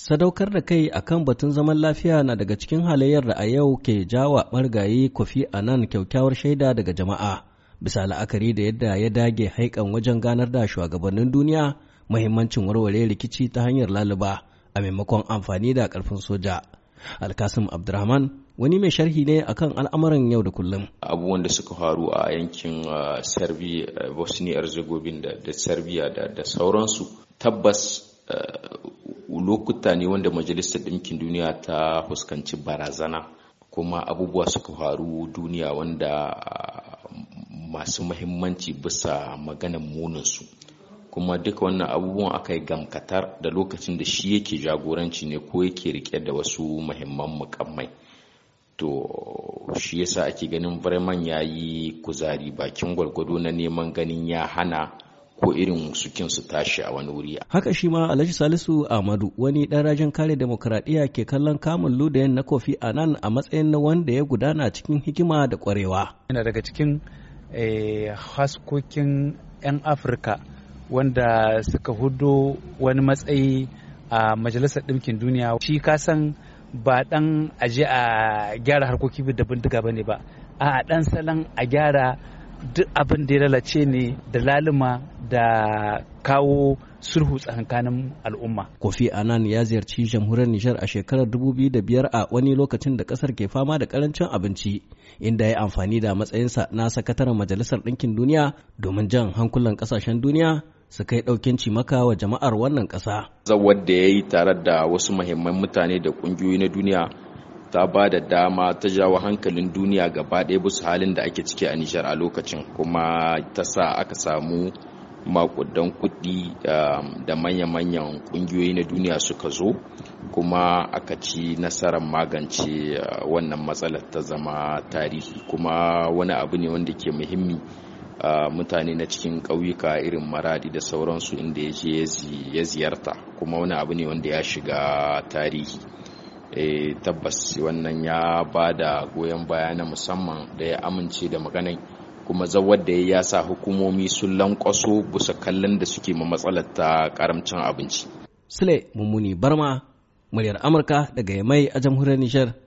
Sadaukar da kai a kan batun zaman lafiya na daga cikin halayyar da a yau ke jawa ɓargaye kwafi a nan kyaukyawar shaida daga jama'a, bisa la'akari da yadda ya dage haikan wajen ganar da shugabannin duniya muhimmancin warware rikici ta hanyar laluba a maimakon amfani da karfin soja. Alkasim Abdurrahman wani mai sharhi ne akan al'amuran yau da kullum. Abubuwan da suka faru a yankin uh, Serbia, Bosnia Herzegovina da Serbia da sauransu tabbas uh, lokuta ne wanda majalisar ɗinkin duniya ta fuskanci barazana kuma abubuwa suka faru duniya wanda ah, masu mahimmanci bisa maganan munansu kuma duk wannan abubuwan aka yi gamkatar da lokacin da shi yake jagoranci ne ko yake rike da wasu mahimman mukammai to shi yasa ake ganin bremen ya yi kuzari bakin gwargwado na neman ganin ya hana ko irin sukin su tashi a wani wuri. Haka shi ma Alhaji Salisu Ahmadu wani ɗan rajin kare demokradiyya ke kallon kamun ludayen na Kofi a nan a matsayin na wanda ya gudana cikin hikima da kwarewa. Yana daga cikin eh, haskokin 'yan Afirka wanda suka hudo wani matsayi a Majalisar Ɗinkin Duniya. Shi ka san ba ɗan aje a gyara harkoki da bindiga ba ne ba, a ɗan salon a gyara duk abin da ya lalace ne da laluma da kawo sulhu tsakanin al'umma. Kofi Annan ya ziyarci jamhuriyar Nijar a shekarar 2005 a wani lokacin da kasar ke fama da karancin abinci inda ya amfani da matsayinsa na sakataren Majalisar Ɗinkin Duniya domin jan hankulan ƙasashen duniya su kai ɗaukin cimaka wa jama'ar wannan ƙasa. Zawar da ya yi tare da wasu muhimman mutane da ƙungiyoyi na duniya ta ba da dama ta jawo hankalin duniya gaba ɗaya bisa halin da ake ciki a Nijar a lokacin kuma ta sa aka samu makudan kuɗi um, da manya-manyan ƙungiyoyi na duniya suka zo kuma aka ci nasarar magance uh, wannan matsalar ta zama tarihi kuma wani abu ne wanda ke muhimmi uh, mutane na cikin ƙauyuka irin maradi da sauransu inda ya je ya ziyarta kuma wani abu ne wanda ya shiga tarihi eh, tabbas wannan ya ba da goyon baya na musamman da ya amince da maganai. kuma zawar da ya sa hukumomi sun lankwaso busa kallon da suke ma matsalar ta karamcin abinci. Sule Mummuni Barma, muryar Amurka daga Yamai a jamhuriyar Nijar.